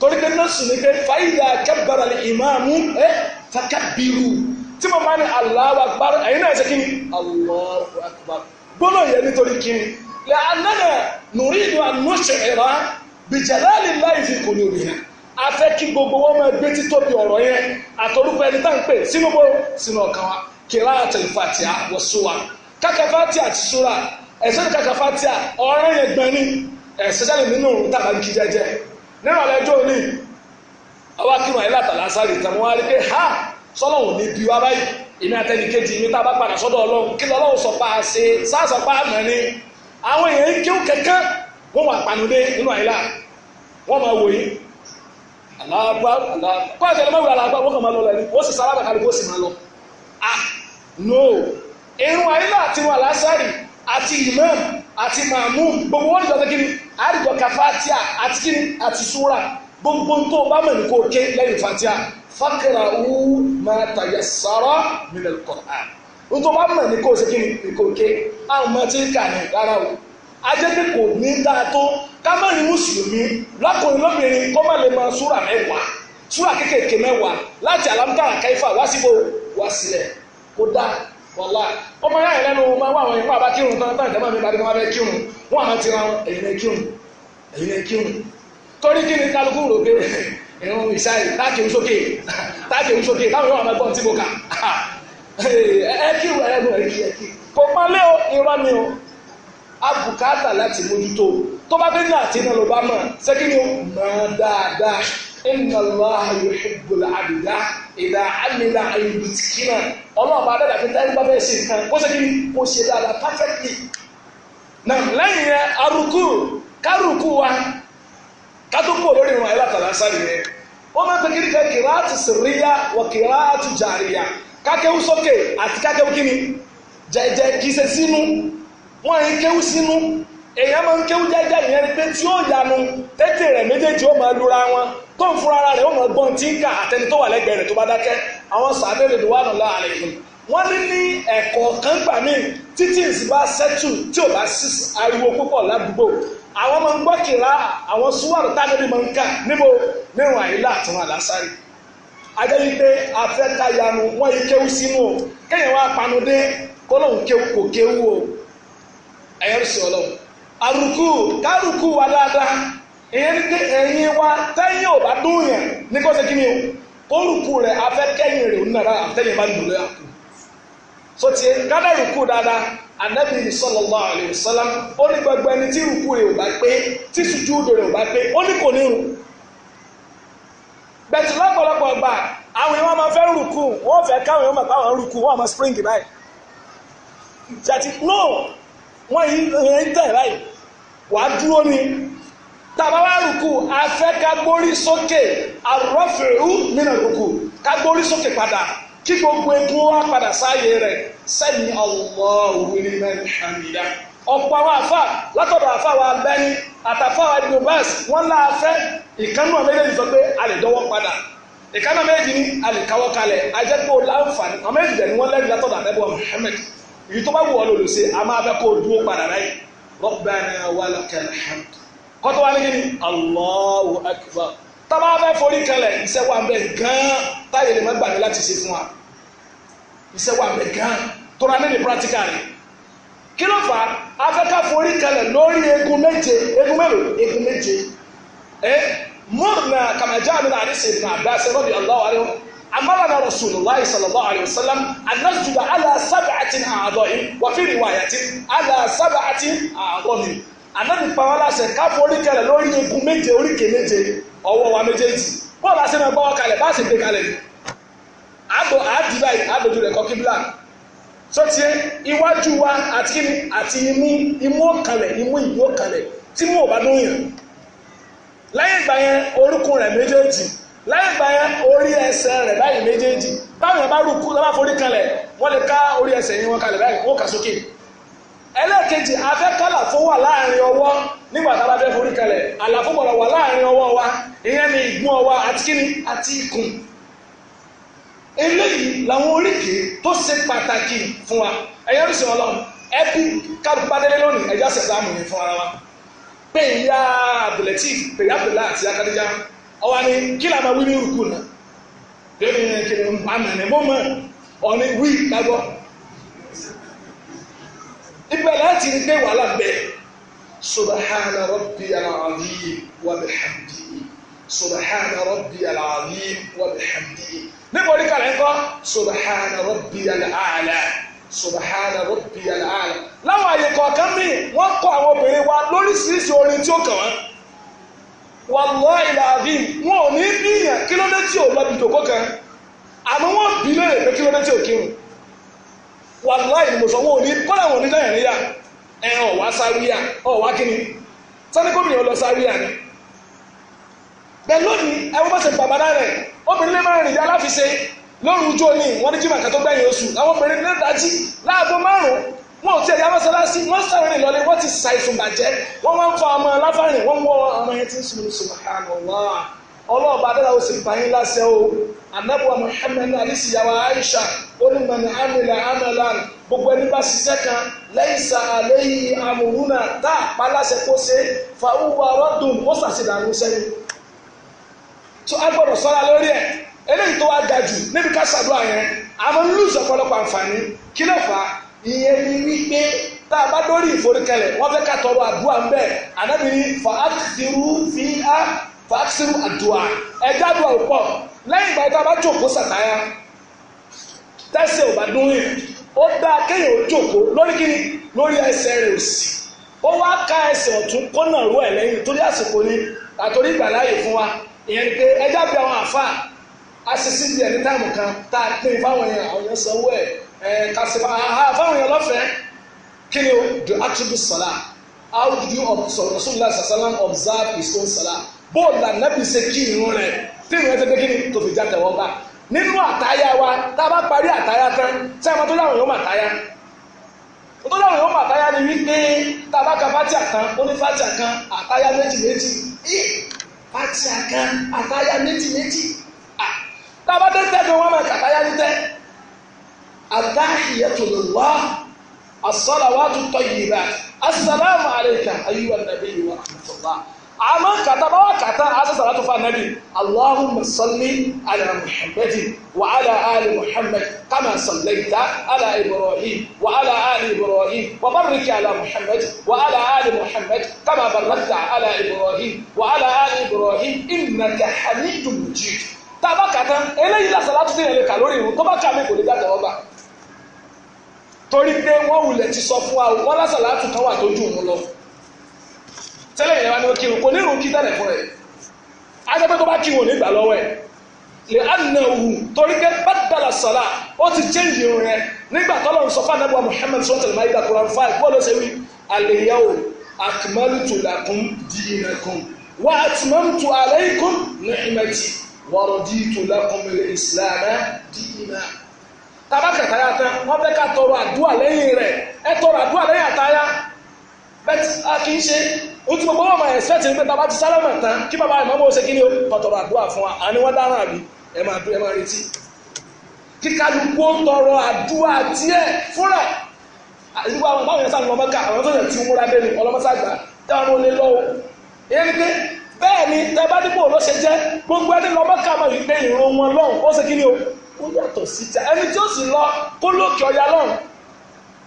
[SPEAKER 1] torí pé nọ́ọ̀sì ni pé fàyídà kabbara al-imamu ẹ fakabbiru tí mo bá ní Allahu Akbar ẹ̀yin náà ṣe kí ni Allahu Akbar gbọ́dọ̀ yẹ nítorí kí ni lẹ́ànánà nùrídù ànúṣẹ̀rá bìjẹ̀láàlì láì fi kò ní òmìnira a fẹ́ kí gbogbo wọn máa gbé títóbi ọ̀rọ̀ yẹn àtọ́rúkọ ẹni tá ń pè sínú bó sínú ọ̀kan wa kiraat al-fatiha wa suwar kaka fatiha àti sura ẹ̀sẹ̀ ní kaka fatiha ọ̀rẹ́ yẹn gbẹ̀ni ẹ̀sẹ̀ jáde nínú òun tàbá ń kí jẹjẹ nínú ọ̀lẹ́ ẹjọ́ òní àwa kírun ayé látàlá sáré tẹ̀mọ́ wá rí pé ha sọ́lọ́ òní bí wá báyìí èmi àtẹni kejì mi tá a bá padà sọ́dọ̀ ọlọ́run kí lọ́lọ́run sọ pa á ṣe sáàsọ pa á mọ̀ ni àwọn èèyàn ń kéwù kẹ̀kẹ́ wọ́n wà panudé nínú àyílá wọ́n máa wò yí aláàbá aláàbá kó àtẹnumọ́ wíwá aláàbá wọ́n kàn máa lọ lẹ́ni wọ́n sì sára bàkàlù kó sì máa lọ. Ah! no irun àyílà àti wọn àlásàrì àti imam àti mahmud gbogbo wọn ìjọba kíni àríjọ kafatia àti kíni àti súra gbogbo tó o bá mọ̀ ní kò ké lẹ́yìn fatia fakara wu máa tàyẹ sọ̀rọ̀ nínú Qur'an nítorí wọn mọ̀ ní kò sí kíni kò ké àwọn ọmọ tí ń kà ní rárá o ajẹ́pẹ́ kò ní dáa tó kámẹ́rin mùsùlùmí lọ́kùnrin lóbìnrin kọ́ má lè máa súra mẹ́wàá súra kékèké mẹ́wàá láti àlámtàrà káífà wá síbò wá sílẹ̀ kó dá wàlá ọmọ yára ìlẹ́nu máa wà wọ̀nyí fún àbá kírun tán tán ìjọba mi bá dé kí wọ́n bẹ kírun wọ́n àmọ́ ti ra wọn ẹ̀yin lẹ kírun ẹ̀yin lẹ kírun torí kí ni kálukú rò pé ẹ̀rùn ìṣáì táàkiri sókè táàkiri sókè táwọn yóò wà mẹ́gbọ́n tí mo kà ẹ kírun ẹ̀rùn ẹ̀rí kí ẹ kí kò pálé o irọ́ ni o abùkátà láti mójútó tó bá dé ní àtinú ló bá mọ̀ ṣé kí ni o mọ̀ dáadáa inna Allaha yuhibbul abda idha amila ayélujára ọlọ́run bá dàgbà pé táyé bá bẹ́ẹ̀ ṣe nǹkan kó ṣe kí kó ṣe dáadáa perfectly na lẹ́yìn yẹn arúkú kárùkú wa kátókù olórí ìrìn àyè látàlá sáré yẹn ó máa ń pè kíríkà kìláàtì sirriya wà kìláàtì jàríya kákéwú sókè àti kákéwú kíni jẹjẹ kìí ṣe sínú wọn ń kéwú sínú èèyàn máa ń kéwú jẹjẹ ìyẹn pé tí ó yanu tètè rẹ méjèèjì ó máa lura wọn tó ń fura ara rẹ̀ wọ́n mọ̀ gbọ́n tí ń kà àtẹni tó wà lẹ́gbẹ̀ẹ́ rẹ̀ tó bá dákẹ́ àwọn sàbẹ̀ lòdì wà lọ́la àlẹ́ yìí wọ́n ní ní ẹ̀kọ́ kan gbà mí títí ìsì bá sẹ́tù tí ò bá sí ariwo púpọ̀ ládùúgbò àwọn máa ń gbọ́ kìlá àwọn súwárù tá níbi máa ń kà níbo níwọ̀n àyílá àtúnwá lásárì ajẹ́ yìí pé wọ́n yìí kéwú sínú o kéèyàn wá panudé kó lóun kéwú kò kéwú o ẹ̀yẹ́rì sọ̀rọ̀ arùkù kárùkù wà dáadáa èyí ẹ̀yìn wa tẹ́yìn ọba bá yẹn ní kó kí ni o kórùkù rẹ̀ rẹ̀ òun nàrà àtẹ́yìn bá dáadáa anabi ẹni tí ò pé tí pé ó ní kò ní rù gbà àwọn èèyàn máa fẹ́ rùkù wọ́n fẹ́ káwọn èèyàn máa máa spring báyìí jàdí no yìí ń tẹ̀ báyìí tàbá wá rùkù afẹ́ ká gbórí sókè àrọ́fẹ̀rú mìíràn rùkù ká gbórí sókè padà kí gbogbo egun wá padà sáàyè rẹ̀ sẹ́ni Allahu liman hamida ọ̀pọ̀ àwọn àfà látọ̀dọ̀ àfà wa bẹ́ni àtàfà wa ibi bẹ́ẹ̀sì wọ́n lá afẹ́ ìkánú àmẹ́lẹ́dì sọ pé a lè dọ́wọ́ padà ìkánú àmẹ́lẹ́dì ní a lè káwọ́ kalẹ̀ ajẹ́pọ̀ láǹfààní àmẹ́lẹ́dì dẹ̀ ni wọ́n lẹ́nu látọ̀dọ̀ àbẹ́bọ̀ Muhammad yìí kọ́tọ́ wa ní kí ni Allahu Akbar tábà fẹ́ forí kalẹ̀ iṣẹ́ wa bẹ̀ gan-an táyé lè má gbà mí láti ṣe fún wa iṣẹ́ wa bẹ̀ gan-an tóra ní ní practical kí ló fà á afẹ́ká forí kalẹ̀ lórí egun méje egun mélòó egun méje ẹ mi náà sẹ́wọ́n Allahu ànábì pa wá láṣẹ ká forí kalẹ̀ lórí igun méje oríkè méje ọwọ́ wa méjèèjì bọ́ọ̀lù àṣẹ máa gbọ́wọ́ kalẹ̀ bá a ṣe gbé kalẹ̀ ni àgbo àdìbà àdòdò rẹ̀ kọ́ kíbla sọtí iwájú wa àti kíni àti imú imú òkàlẹ̀ imú ìlú òkàlẹ̀ tí mo bá dún yàn lẹ́yìn ìgbà yẹn orúkún rẹ̀ méjèèjì lẹ́yìn ìgbà yẹn orí ẹsẹ̀ rẹ̀ báyìí méjèèjì báwọn yẹn bá rúkú lọ́wọ́ forí kalẹ̀ wọ́n lè ká orí ẹsẹ̀ yẹn wọn kalẹ̀ báyìí wọ́n kà sókè ẹlẹ́ẹ̀kejì abẹ́kálà tó wà láàrin ọwọ́ nígbà tá a bá fẹ́ forí kalẹ̀ àlàfo gbọ́dọ̀ wà láàrin ọwọ́ wa ìyẹn ni ìgbọ́n ọwọ́ àti kíni àti ikùn eléyìí làwọn oríkèé tó ṣe pàtàkì fún wa ẹ̀yẹ́ rìsì ọlọ́run ẹbí kábípadélé lónìí ẹ̀yà sẹ̀sáàmù ni fún ara wa pé ìyá abdulatif pé ìyá abdulá àti akadéjà ọwọ́ ni kí làwọn wí ní rúkú náà lórí ẹ̀kẹ́ ọ̀nà ni mo mọ̀ ọ̀ni wí lágbọ́ ibẹ̀ láti rí pé wàhálà ń bẹ subahana rabbi alaazim wa bihamdi subahana rabbi alaazim wa bihamdi níbo ní kàlẹ́ ńkọ́ subahana rabbi alaala subahana rabbi alaala láwọn àyè kọ̀ọ̀kan mi wọ́n kọ́ àwọn obìnrin wa lóríṣiríṣi orin tí ó kàn wọ́n wàlọ́ ìlàhìn wọn ò ní bíyàn kílódé tí ò lọ bí kan àmọ́ wọ́n bí lóore pé kílódé tí ò kírun wàláì ni mo sọ wọn ò ní kọ́lá wọn ò ní náírà níyà ẹ ọ̀wá sáríà ọ̀wá kíni sani gómìnà lọ sáríà ni bẹ́ẹ̀ lónìí ẹ̀rọ bá ṣe bàbá rẹ̀ obìnrin lè máa rìn bí aláfiṣe lóru ojú òní wọ́n ní jìmọ̀ kàtó gbẹ̀yìn oṣù àwọn obìnrin lè dájí láago márùn-ún wọn ò tí ẹ̀yà mọ́sálásí wọ́n sàrìn ìlọlẹ̀ wọ́n ti ṣàìsùn bàjẹ́ wọ́n wá ń fa ọmọ aláfàrìn wọ́n ń wọ ọmọ yẹn tí ń sùn lóṣù àlọ́wà ọlọ́ọ̀bá adára oṣù ìbáyín láṣẹ o anábọ̀ Muhammad alisiyawa Aisha onímọ̀nì amílà amẹ́lá gbogbo ẹni bá ṣiṣẹ́ kan lẹ́yìn sa àléyìn amòhúnà tá a pa láṣẹ kó ṣe fàwùwà rọ́dùn ó ṣàṣìlà ló sẹ́yìn. tó a gbọ́dọ̀ sọ́ra lórí ẹ̀ eléyìí tó wá ga jù níbi ká ṣàdúrà yẹn àwọn lùsọ̀ ọ̀pọ̀lọpọ̀ àǹfààní kí ló fà á ìyẹn ni wípé tá a bá dórí ìforíkẹlẹ̀ wọ́n fẹ́ ká tọrọ àdúrà ń bẹ̀ ànábìrin fàákìrú fi á fàákìrú àdúrà ẹ̀dá àdúrà ò pọ̀ lẹ́yìn ìgbà tá bá jókòó sàtáyà tẹ́sẹ̀ ò bá dún yẹn ó dá kéèyàn ó jòkó lórí kí lórí ẹsẹ̀ rẹ̀ òsì ó wá ká ẹsẹ̀ ọ̀tún kọ́nà rú ẹ̀ lẹ́yìn torí àsìkò ni àtòrí ìgbàláyè fún wa ìyẹn ni pé ẹjá bí àwọn àfa asisi di ẹni táàmù kan tá a pín fáwọn yẹn àwọn yẹn sanwó ẹ ẹ kásìkò àhá fáwọn yẹn lọ́fẹ̀ẹ́ kí ni the attribute sọlá how do you observe rasulillah sasalam observe his own sọlá bóòlù ànábì ṣe kí irun rẹ̀ tí irun rẹ̀ ti kí ni tòfìjà tẹ̀wọ́ bá. nínú àtayá wa tá a bá parí àtayá tán tí a mọ́ tó dáhùn yóò máa táyá tó máa táyá ni wípé tá a bá ka fátíà kan ó ní fátíà kan àtayá méjì fátíà kan àtayá méjì tá a bá wọ́n máa kàtáyá ní tẹ́ àtàhìyẹ́tòlùwá àsọ̀làwátú tọ́yìí rà assalamu àmọ́ kàtà bá wà kàtà àṣàṣàrà tó fa nàbì allahumma salli ala muhammadin wa ala ali muhammad kama sallaita ala ibrahim wa ala ali ibrahim wa barik ala muhammad wa ala ali muhammad kama barakta ala ibrahim wa ala ali ibrahim innaka hamidun majid tá a bá kàtà eléyìí làṣàrà tó tẹ̀lé kà lórí ìrù tó bá kà kò lè dá tẹ̀wọ́ torí pé wọ́n wulẹ̀ ti sọ fún wa wọ́n lásàlá tún kan wà tójú òun lọ tẹ́lẹ̀ yẹn wá ní o kírun kò nírun kí tẹ́lẹ̀ fún rẹ̀ ajẹ́pẹ́ tó bá kírun nígbà lọ́wọ́ ẹ̀ lè ànà òhù torí pé bàdàlà sọ̀lá ó ti change irun rẹ̀ nígbà tọ́lọ́run sọ fún anábọ̀ Muhammad sọ́tẹ̀lẹ̀ máa yíga Quran five bọ́ọ̀lù ṣe wí àlèyáwó akmaltu lakum dinakum wa atmamtu alaykum ni'mati wa raditu lakum al-islam dina tabakata ya tán wọ́n fẹ́ ká tọrọ àdúrà lẹ́yìn rẹ̀ ẹ tọrọ àdúrà lẹ́yìn àtayá bẹ́ẹ̀ a kì í ṣe ó ti gbogbo wọn máa expect ní pé bàbá ti sálámà tán kí bàbá rẹ̀ máa mọ̀ ṣe kí ni ó pàtọ́rọ̀ àdúrà fún wa àní wọ́n dáràn àbí ẹ máa dúró ẹ máa retí kíkálukú tọrọ àdúrà tiẹ̀ fúnra àdúgbò àwọn báwọn yẹn sáà lọ́mọ́ká àwọn tó yẹ ti múra bẹ́ẹ̀ ni ọlọ́mọ́sàgbà dáhùn ó lé lọ́wọ́ èyí pé bẹ́ẹ̀ ni tẹ́bádìbò ló ṣe jẹ́ gbogbo ẹni lọ́mọ́ ká mọ̀ wípé ìrún wọn lọ́hùn o ó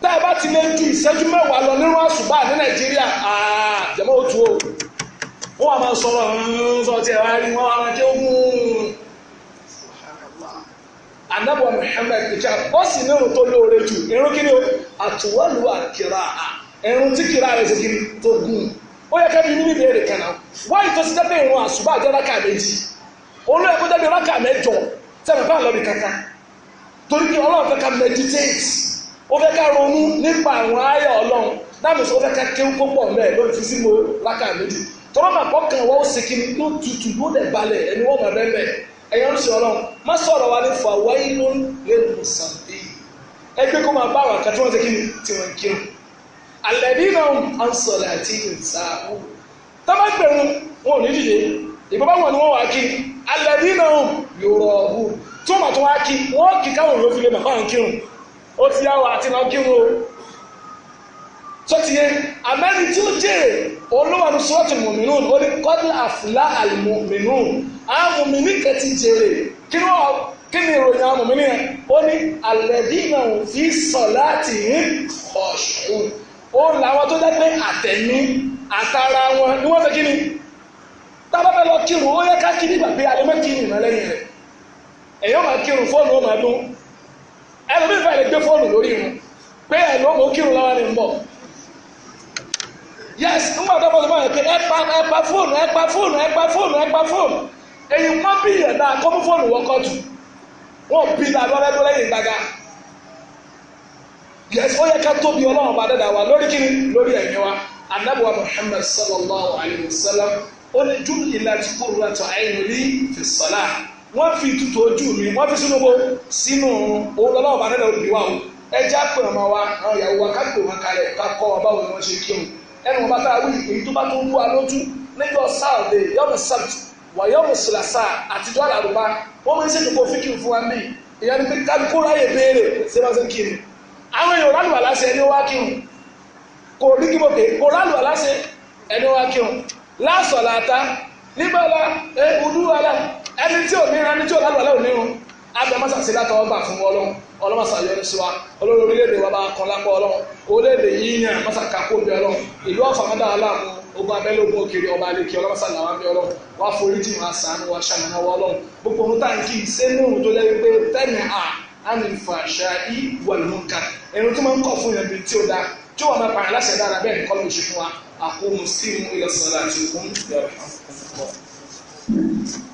[SPEAKER 1] tá bá ti lé ju ìṣẹ́jú mẹ́wàá lọ nínú àṣùbà ní nàìjíríà jẹ̀mọ́ òtù o wọ́n wà máa sọ̀rọ̀ hmm, sọ tí ẹ wá wọn ara jẹ́ ogun anabu muhammed ìjà ó sì ní irun tó lóore jù irun kí o àtúwọ́lù àkìrà irun tí kìrà rẹ̀ ṣe kiri tó gùn ó yẹ kẹ́bi ìbéèrè kan náà wáyé tó ti dẹ́pẹ́ irun ó fẹ́ ká ronú nípa àwọn ayé ọlọ́run dáàmì sọ ó fẹ́ ká kéwú púpọ̀ mẹ́ẹ̀ lórí fi sínú rákà méjì tọ́lọ́mà kọ́kàn wọ́n ó sì kí ni ló tutù ló dẹ̀ balẹ̀ ẹni wọ́n mọ̀ bẹ́ẹ̀ ẹ̀yọ́ ń sọ ọlọ́run má sọ̀rọ̀ wa ní fa wáyé ló ń lé mùsàlùmí ẹgbẹ́ kó máa bá àwọn àkàtúwọ̀n ṣe kí ni tí wọ́n kírun àlẹ́bí náà ń sọ̀rọ̀ àti ìsàmù tọ́lá gbẹ̀rún wọn ò ní dìde ìbọ̀bá wọn ni wọ́n wá kí àlẹ́bí náà yòrò ọ̀hún tó mà tó wá kí wọ́n kí káwọn yóò fi lè mọ̀ ó ti yá wa àti lọ kírun o tó ti yé amẹ́ni tí ó jèrè olówàlú sọ́ọ̀tì mùmínún ó ní kọ́dí àfúlá àlùmùmínún àwọn mùmíní kẹtì jèrè kí ni wọ́n kí ni ìròyìn àwọn mùmíní yẹn ó ní alladhina fi salatihim khashu'un ó làwọn tó jẹ́ pé àtẹ̀mí àtara wọn ni wọ́n fẹ́ kí ni tábà fẹ́ lọ kírun ó yẹ ká kí nígbà pé alẹ́ mọ́ kí ni ìrànlẹ́yìn rẹ̀ èyí ó máa kírun fóònù ó máa dún ẹlòmíì fà lè gbé fóònù lórí wọn pé ẹ ló mọ kírun lọ́wọ́ ni ń bọ̀ yes nígbà tó bọ̀ sọ́mọ́ ẹ̀kẹ́ ẹ̀pa ẹ̀pa fóònù ẹ̀pa fóònù ẹ̀pa fóònù ẹ̀pa fóònù èyí wọ́n bí yẹn dáa kọ́ fún fóònù wọ́n kọ́tù wọ́n bí wa lórí kiri lórí anabuwa muhammad sallallahu alayhi wa sallam ó ní kúrò fi wọ́n fi ìtutù ojú mi wọ́n fi sínú owó sínú òun lọ́wọ́ bá nílẹ̀ òbí wa o ẹ jẹ́ àpè ọmọ wa àwọn ìyàwó wa ká gbò wọn kalẹ̀ ká kọ́ ọ ni wọ́n ṣe kí o ẹnu wọn bá tá a wí èyí tó bá tó ń wú wa lójú níjọ́ sáàdé yọmọ sáàdé wà yọmọ sìlàsà àtijọ́ àlàrúbá wọ́n máa ń ṣètò kó fíkì fún wa mí ìyá ni pé kákó ráyè béèrè ṣé máa ṣe kiri àwọn èèyàn lálùwà láṣẹ ẹni wá kírun kò rí kí mo pè kò lálùwà láṣẹ ẹni wá kírun lásọ̀ làtà nígbà la ẹ udú ẹni tí ò ní ẹran ní tí ò lálùwàlá ò ní o abẹ́mọ́sà sí látọ̀ ọgbà fún ọlọ́run ọlọ́mọ́sà yọrí sí wa olórí orílẹ̀-èdè wa bá kan lápọ̀ ọlọ́run orílẹ̀-èdè yìí yàn mọ́sà kakó bí ọlọ́run ìlú ọ̀fàmọ́dá aláàmú ogun abẹ́lé ogun òkèrè ọba àlekè ọlọ́mọ́sà làwọn bí ọlọ́run wá forí jì wá sànú wá sànú wá ọlọ́run gbogbo ohun táǹkì sẹ́nu tó lẹ́yìn pé tẹ́nì à ánìfàṣà ì wàlúùkà ẹnu tí wọ́n ń kọ̀ fún yẹn tí ó da tí wọ́n máa pààyàn láṣẹ dára bẹ́ẹ̀ nìkan ló ṣe fún wa àkóhùn sí ìmú ilẹ̀ sọ̀rọ̀ àti òkú ń bẹ̀rẹ̀ fún